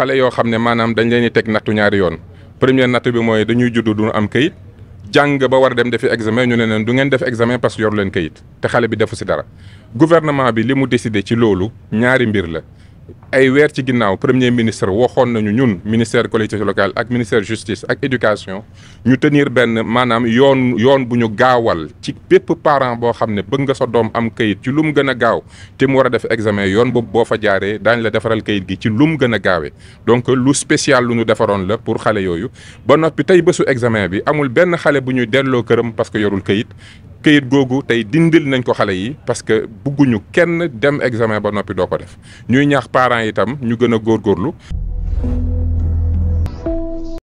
xale yoo xam ne maanaam dañ leen di teg nattu ñaari yoon première nattu bi mooy dañuy judd du am kayit jàng ba war a dem defi examen ñu ne leen du ngeen def examen parce que yor leen kayit te xale bi defu si dara guvernement bi li mu décidé ci loolu ñaari mbir la ay weer ci ginnaaw premier ministre waxoon nañu ñun ministère collectivité locale ak ministère justice ak éducation ñu tenir benn maanaam yoon yoon bu ñu gaawal ci bépp parent boo xam ne bëgg nga sa doom am kayit ci lu mu gën a gaaw te mu war a def examen yoon boobu boo fa jaaree daañ la defaral kayit gi ci lu mu gën a gaawee donc lu spécial lu ñu defaroon la pour xale yooyu ba noppi tey bésu examen bi amul benn xale bu ñu delloo këram parce que yorul kayit kayit googu tey dindil nañ ko xale yi parce que bugguñu kenn dem examen ba noppi doo ko def ñuy ñaax parents itam ñu gën a góorgóorlu